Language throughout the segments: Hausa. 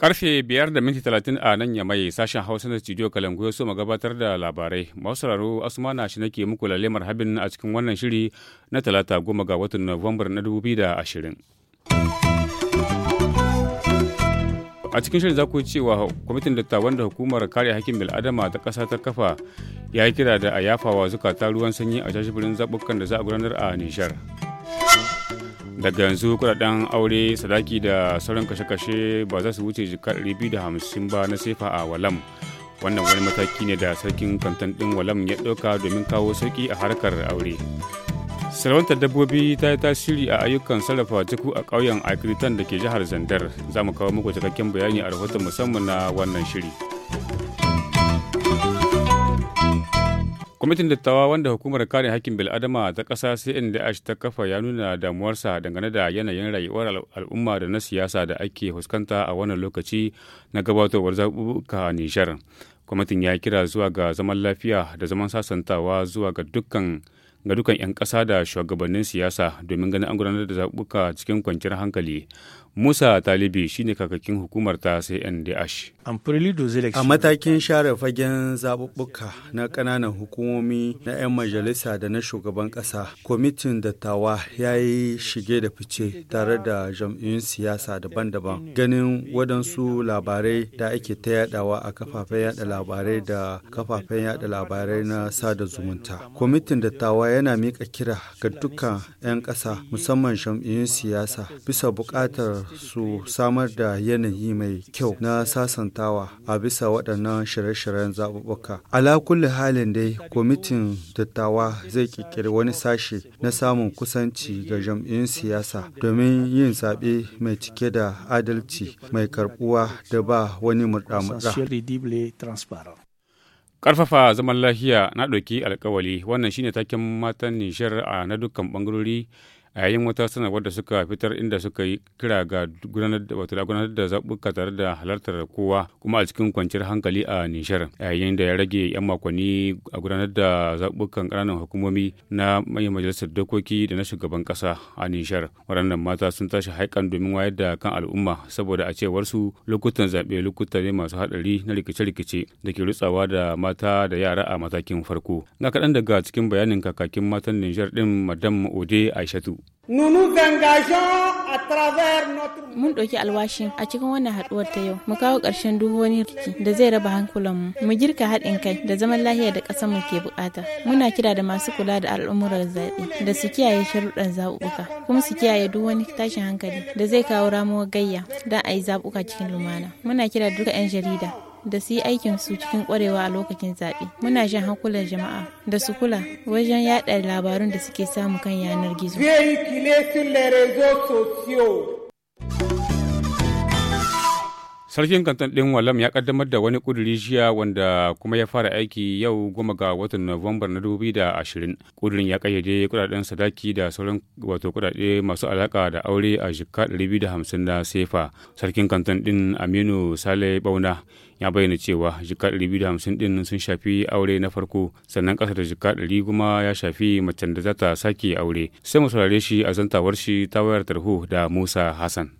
Karfe biyar da minti talatin a nan ya mai sashen Hausa na studio Kalangu ya so mu gabatar da labarai. Masu sauraro Asmana shi nake muku lalemar habin a cikin wannan shiri na talata goma ga watan Nuwambar na da ashirin. a cikin shirin za ku cewa kwamitin dattawan da hukumar kare hakkin bil'adama ta ƙasa ta kafa ya yi kira da a yafawa zukata ruwan sanyi a shashibirin zaɓukan da za a gudanar a nishar daga yanzu kudaden aure sadaki da sauran kashe-kashe ba za su wuce jikar hamsin ba na sefa a walam wannan wani mataki ne da sarkin kantan ɗin walam ya ɗauka domin kawo sauki a harkar aure salwantar dabbobi ta yi tasiri a ayyukan sarrafa jiku a ƙauyen akritan da ke jihar zandar za mu kawo muku cikakken bayani a rahoton musamman na wannan shiri kwamitin dattawa wanda hukumar kare hakkin bil'adama ta ƙasa cndh ta kafa ya nuna damuwarsa dangane da yanayin rayuwar al'umma da na siyasa da ake fuskanta a wannan lokaci na gabatowar zaɓuɓɓuka nijar kwamitin ya kira zuwa ga zaman lafiya da zaman sasantawa zuwa ga dukkan ga dukan 'yan ƙasa da shugabannin siyasa domin ganin an gudanar da zaɓuɓɓuka cikin kwanciyar hankali Musa Talibi shine kakakin hukumar ta CNDH. A matakin share fagen zaɓuɓɓuka na ƙananan hukumomi na 'yan majalisa da na shugaban ƙasa, kwamitin dattawa ya yi shige da fice tare da jam'iyyun siyasa daban-daban ganin waɗansu labarai da ake ta yaɗawa a kafafen yaɗa labarai da kafafen yaɗa labarai na sada zumunta. Kwamitin dattawa yana mika kira ga dukkan 'yan ƙasa musamman jam'iyyun siyasa bisa buƙatar su samar da yanayi mai kyau na sasantawa a bisa waɗannan shirye-shiryen zaɓuɓɓuka. Ala kulli halin dai kwamitin dattawa zai ƙirƙiri wani sashe na samun kusanci ga jam'iyyun siyasa domin yin zaɓe mai cike da adalci mai karɓuwa da ba wani murɗa-murɗa. Ƙarfafa zaman lafiya na ɗauki alkawali wannan shine taken matan nishar a na dukkan ɓangarori a yayin wata sanarwar da suka fitar inda suka yi kira ga gudanar da zaɓuka tare da halartar kowa kuma a cikin kwanciyar hankali a nishar a yayin da ya rage 'yan makonni a gudanar da zaɓukan ƙananan hukumomi na manyan majalisar dokoki da na shugaban ƙasa a nishar waɗannan mata sun tashi haikan domin wayar da kan al'umma saboda a cewar su lokutan zaɓe lokuta ne masu haɗari na rikice-rikice da ke rutsawa da mata da yara a matakin farko na kaɗan daga cikin bayanin kakakin matan nijar ɗin madam ode aishatu Mun ɗauki alwashin a cikin wannan haɗuwar ta yau, mu kawo ƙarshen duk wani rikici da zai raba hankulanmu, mu girka haɗin kai da zaman lahiya da ƙasarmu ke buƙata. Muna kira da masu kula da al'umuran zaɓe da su kiyaye sharuɗan zaɓuɓɓuka, kuma su kiyaye duk wani tashin hankali da zai kawo ramuwar gayya don a yi zaɓuɓɓuka cikin lumana. Muna kira da duka 'yan jarida da su yi aikin su cikin kwarewa a lokacin zaɓe. Muna jan hankulan jama'a da su kula wajen yaɗa labarun da suke samu kan yanar gizo. Sarkin kantan ɗin Walam ya kaddamar da wani ƙuduri jiya wanda kuma ya fara aiki yau goma ga watan Nuwambar na ashirin Ƙudurin ya ƙayyade kudaden sadaki da sauran wato kudade masu alaƙa da aure a jika hamsin na sefa. Sarkin kantan ɗin Aminu Sale Bauna ya bayyana cewa jika hamsin ɗin sun shafi aure na farko sannan ƙasa da jika ɗari kuma ya shafi macen da za ta sake aure. Sai mu saurare shi a zantawar shi ta wayar tarho da Musa Hassan.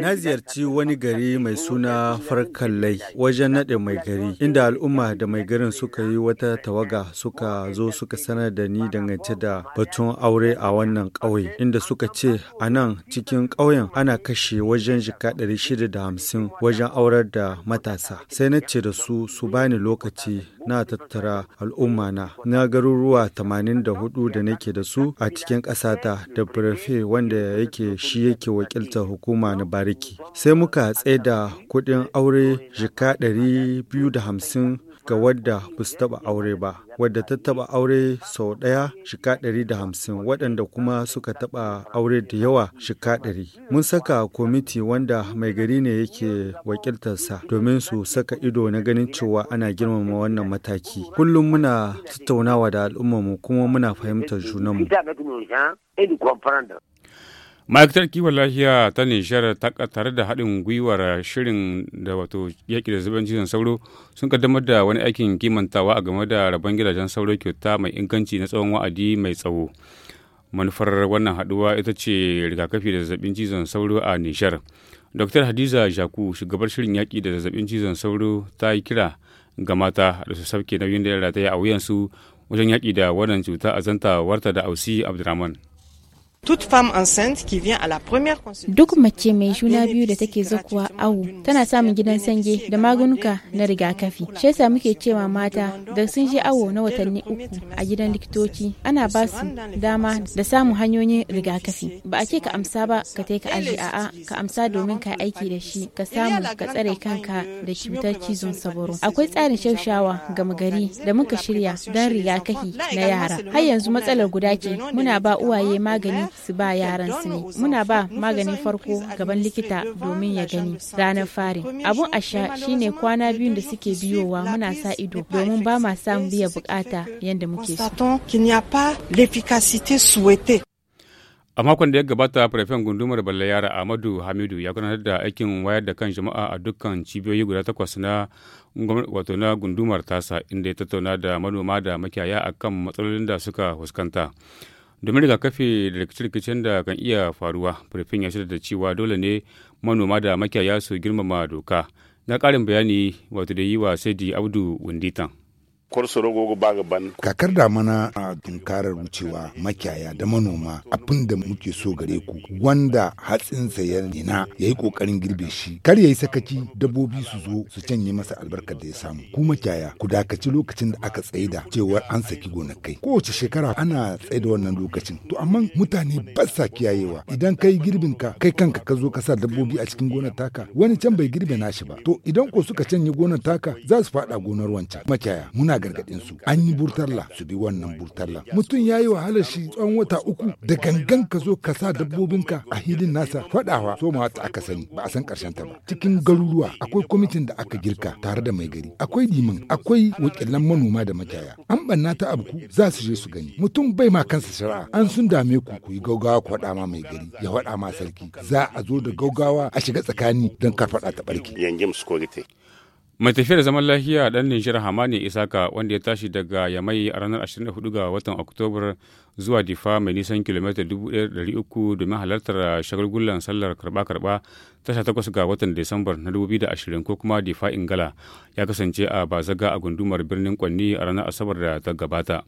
Na ziyarci wani gari mai suna Farkallai wajen naɗe mai gari, inda al'umma da mai garin suka yi wata tawaga suka zo suka sanar da ni dangance da batun aure a wannan ƙauye, inda suka ce a nan cikin ƙauyen ana kashe wajen jika ɗari hamsin wajen aurar da matasa. Sai na ce da su su bani lokaci na tattara al'umma na na garuruwa 84 da nake da su a cikin ƙasata da birfe wanda yake shi yake wakiltar hukuma na bariki sai muka tsaida kuɗin aure jika 250 ga wadda ba su taɓa aure ba, wadda ta taba aure sau ɗaya shika ɗari da hamsin waɗanda kuma suka taɓa aure da yawa shika ɗari. Mun saka kwamiti wanda mai gari ne yake wakiltarsa domin su saka ido na ganin cewa ana girmama wannan mataki. Kullum muna tattaunawa da al'ummarmu kuma muna fahimtar junanmu. ma'aikatar kiwon lafiya ta nishar tare da haɗin gwiwar shirin da wato yaƙi da zuban cizon sauro sun kaddamar da wani aikin kimantawa a game da rabon gidajen sauro kyauta mai inganci na tsawon wa'adi mai tsawo manufar wannan haɗuwa ita ce rigakafi da zazzabin cizon sauro a nishar dr hadiza jaku shugabar shirin yaƙi da zazzabin cizon sauro ta yi kira ga mata da su sauke nauyin da ya rataya a wuyansu wajen yaƙi da wannan cuta a zanta warta da ausi abdulrahman Duk mace mai juna biyu da take zakuwa awu tana samun gidan sange da maganuka na rigakafi. Shi yasa muke cewa mata da sun je awo na watanni uku a gidan likitoci ana ba su dama da samun hanyoyin rigakafi. Ba a ce ka amsa ba ka tai ka aji a'a ka amsa domin ka aiki da shi ka samu ka tsare kanka da cutar cizon sabaro. Akwai tsarin shaushawa gama gari da muka shirya don rigakafi na yara. Har yanzu matsalar guda ce muna ba uwaye magani su ba yaran su ne muna ba maganin farko gaban likita domin ya gani ranar fari abun a sha shine kwana biyun da suke biyowa muna sa ido domin ba ma samu biya bukata yadda muke so a makon da ya gabata farfen gundumar balle yara amadu hamidu ya gudanar da aikin wayar da kan jama'a a dukkan cibiyoyi guda takwas na wato na gundumar tasa inda ya tattauna da manoma da makiyaya kan matsalolin da suka fuskanta domin rigakafi da rikice-rikicen da kan iya faruwa firfin ya shirya da cewa dole ne manoma da makiyaya su girmama doka na karin bayani wato da yi wa saidi abdu wunditan ba kakar da mana a tunkarar wucewa makiyaya da manoma abin da muke so gare ku wanda hatsin sayar nina ya yi kokarin girbe shi kar ya yi sakaci dabbobi su zo su canye masa albarkar da ya samu ku makiyaya ku dakaci lokacin da aka da cewar an saki gonakai kowace shekara ana tsaida wannan lokacin to amma mutane ba sa kiyayewa idan kai girbin ka kai kanka ka zo ka sa dabbobi a cikin gonar taka wani can bai girbe nashi ba to idan ko suka canye gonar taka za su faɗa gonar wancan makiyaya muna ina gargaɗin su an yi burtalla su bi wannan burtalla mutum ya yi wahalar shi tsawon wata uku da gangan ka zo ka sa dabbobinka a hilin nasa faɗawa somawa ta aka sani ba a san ƙarshen ta ba cikin garuruwa akwai kwamitin da aka girka tare da mai gari akwai liman akwai wakilan manoma da makiyaya an banna ta abu za su je su gani mutum bai ma kansa shari'a an sun dame ku ku yi gaugawa ku faɗa ma mai gari ya faɗa ma sarki za a zo da gaugawa a shiga tsakani don kar faɗa ta ɓarke. mai tafiya da zaman lafiya dan nijar hamani isaka wanda ya tashi daga yamai a ranar 24 ga watan oktobar zuwa difa mai nisan kilomita 1300 domin halartar shagulgulan sallar karba-karba tasha takwas ga watan disambar na 2020 ko kuma difa ingala ya kasance a bazaga a gundumar birnin kwanni a ranar asabar da ta gabata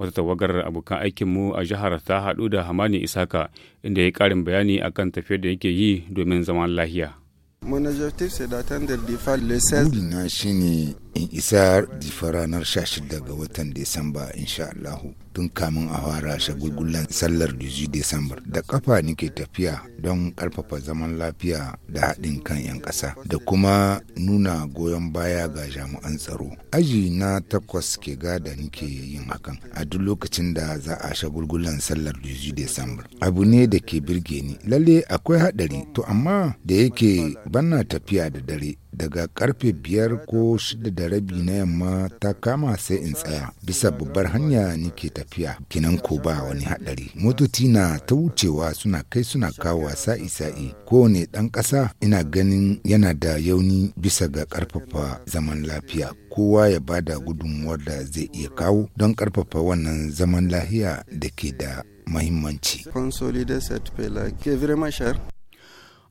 wata tawagar abokan aikinmu a jihar ta haɗu da hamani isaka inda ya karin bayani akan tafiyar da yake yi domin zaman lahiya. Burina shi ne in isa difa ranar 16 ga watan Disamba, insha Allahu. tun kamin a fara shagulgulan sallar 18 Desambar. Da kafa nake tafiya don karfafa zaman lafiya da haɗin kan 'yan ƙasa da kuma nuna goyon baya ga jami'an tsaro. Aji na takwas ke gada nike yin hakan a duk lokacin da za a shagulgulan sallar 18 Desambar. Abu ne da ke birge ni. Lalle akwai haɗari to amma da yake bana tafiya da dare daga karfe biyar ko shida da rabi na yamma ta kama sai in tsaya bisa babbar hanya ke tafiya kinan ko ba wani hadari motoci na ta wucewa suna kai suna kawo sa'i sa'i kowane dan kasa ina ganin yana da yauni bisa ga karfafa zaman lafiya kowa ya ba da gudunmuwar da zai iya kawo don karfafa wannan zaman lahiya da ke da mahimmanci.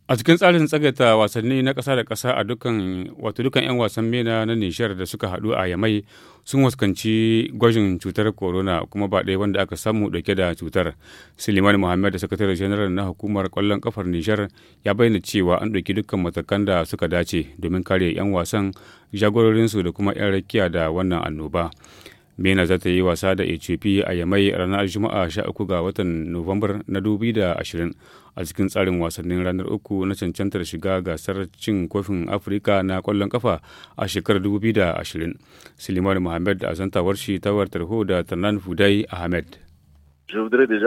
a cikin tsarin tsagaita wasanni na ƙasa da ƙasa a dukkan wato dukkan 'yan wasan mena na nishar da suka haɗu a yamai sun waskanci gwajin cutar corona kuma ba ɗaya wanda aka samu ɗauke da cutar suleiman muhammad da sakataren janaral na hukumar ƙwallon ƙafar nishar ya bayyana cewa an ɗauki dukkan matakan da suka dace domin kare 'yan wasan jagororinsu da kuma 'yan rakiya da wannan annoba Bena za ta yi wasa da Ethiopia a Yamai ranar Juma'a 13 ga watan Nuwambar na 2020 a cikin tsarin wasannin ranar uku na cancantar shiga gasar cin kofin Afirka na kwallon kafa a shekarar 2020. Suleiman Mohamed a zantawar shi ta wartar da Tarnan Fudai Ahmed.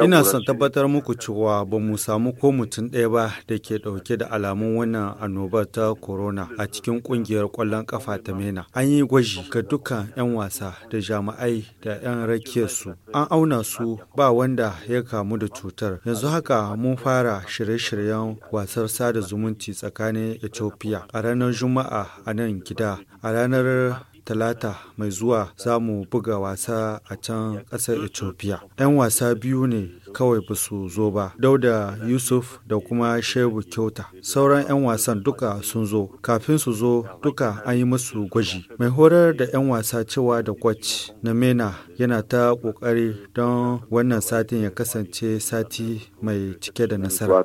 Ina son tabbatar muku cewa ba mu samu ko mutum ɗaya ba da ke ɗauke da alamun wannan annobar ta corona a cikin ƙungiyar ƙwallon ƙafa ta MENA. An yi gwaji ga dukkan 'yan wasa da jami'ai da 'yan su, An auna su ba wanda ya kamu da cutar. Yanzu haka mun fara shirye-shiryen wasar sada zumunci tsakanin Ethiopia a ranar Juma'a a nan gida, a ranar talata mai zuwa za mu buga wasa a can ƙasar ethiopia 'yan wasa biyu ne kawai ba su zo ba dauda yusuf da kuma shehu kyauta sauran 'yan wasan duka sun zo kafin su zo duka an yi musu gwaji mai horar da 'yan wasa cewa da kwac na mena yana ta kokari don wannan satin ya kasance sati mai cike da nasara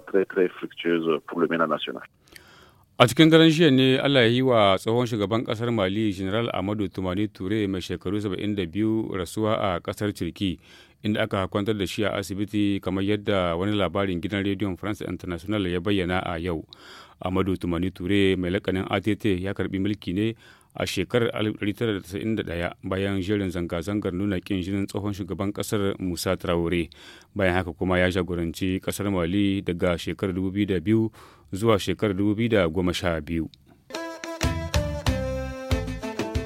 A cikin daren jiya ne Allah ya yi wa tsohon shugaban kasar Mali General Amadu Tumani Ture mai shekaru 72 rasuwa a kasar Turki inda aka kwantar da shi a asibiti kamar yadda wani labarin gidan rediyon France International ya bayyana a yau. Amadu Tumani Ture mai lakanin ATT ya karbi mulki ne a shekarar 1991 bayan jerin zanga-zangar nuna kin jinin tsohon shugaban kasar musa traore bayan haka kuma ya jagoranci kasar mali daga shekarar 2002 zuwa shekarar 2012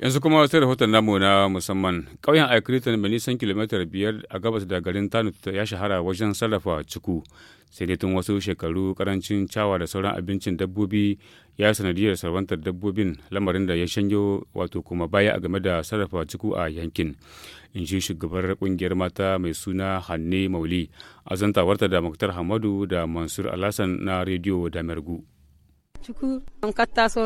yanzu kuma sai rahoton namu na musamman ƙauyen aikritan mai nisan kilomitar biyar a gabas da garin tanut ya shahara wajen sarrafa ciku sai dai tun wasu shekaru karancin cawa da sauran abincin dabbobi ya sanadiyar sarwantar dabbobin lamarin da ya shanyo wato kuma baya a game da sarrafa ciku a yankin in ji shugabar kungiyar mata mai suna hanne mauli a zantawarta da muktar hamadu da mansur alhassan na rediyo da mergu ciku an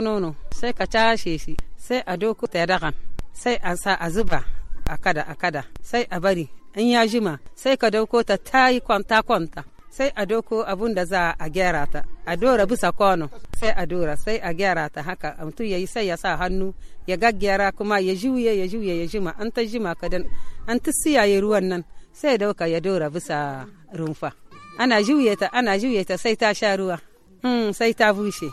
nono sai ka cashe shi sai a doko ta daga sai a sa a zuba a kada a kada sai a bari in ya jima sai ka dauko ta ta yi kwanta kwanta sai a doko abun da za a gyara ta a dora bisa kwano sai a dora sai a gyara ta haka mutum ya yi sai ya sa hannu ya gaggyara kuma ya juye ya juye ya jima an ta jima dan an ta siyaye ruwan nan sai dauka ya dora bisa rumfa ana juye ta ana juye ta sai ta sha ruwa hmm, sai ta bushe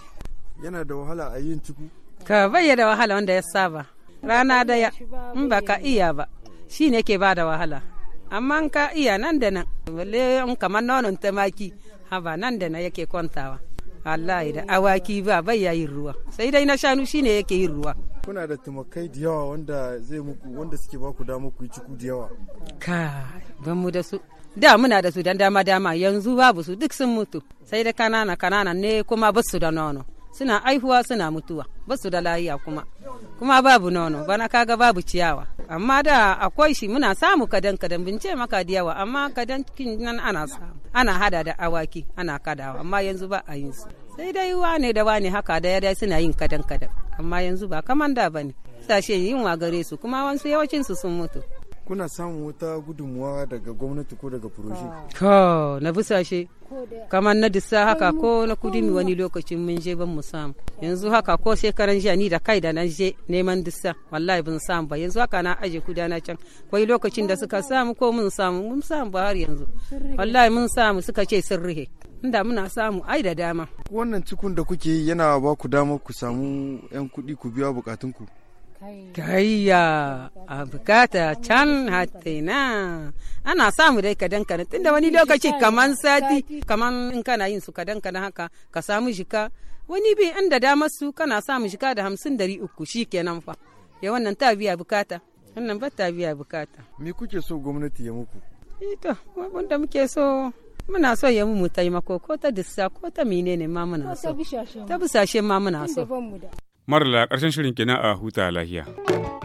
yana da wahala a yin ciku Ka bayyana wahala wanda ya saba. Rana daya in ba ka iya ba shi ne ke ba da wahala. Amma ka iya nan da nan. Balle in kamar nonon tamaki haba nan da nan yake kwantawa. Allah da awaki ba bai yin ruwa. Sai dai na shanu shi ne yake yin ruwa. Kuna da tumakai da yawa wanda zai muku wanda suke ba ku dama ku yi ciku da yawa. Ka ban mu da su. da muna da su dan dama dama yanzu babu su duk sun mutu sai da kanana kanana ne kuma basu da nono suna aihuwa suna mutuwa ba su da layiya kuma kuma babu nono bana kaga babu ciyawa amma da akwai shi muna samu kadan kadan bince maka da yawa amma kadan kin nan ana samu ana hada da awaki ana kadawa amma yanzu ba a yin su sai dai wane da wane haka da ya suna yin kadan kadan amma yanzu ba kaman da bane sashe yin wa gare su kuma wansu yawancin su sun mutu kuna samun wata gudunmuwa daga gwamnati ko daga furoshi ko na busashe kamar na disa haka ko na kudumi wani lokacin mun je ban mu samu yanzu haka ko shekaran jiya ni da kai da na je neman disa wallahi bin samu ba yanzu haka na aje na can kwai lokacin da suka samu ko mun samu mun samu ba har yanzu wallahi mun samu suka ce sun rihe inda muna samu ai da dama wannan cikun da kuke yana ba ku dama ku samu yan kuɗi ku biya bukatunku kayya a bukata can hatina ana samu dai ka dankana tunda wani lokaci kaman sati kaman in kana yin su ka dankana haka ka samu shika wani bi inda damar su kana samu shika da hamsin dari uku shi kenan fa ya wannan ta biya bukata wannan ba ta biya bukata me kuke so gwamnati ya muku ita wanda muke so muna so ya mu taimako ko ta dissa ko ta menene ma muna so ta bisashe ma muna so Marla ƙarshen shirin kina a huta lahiya.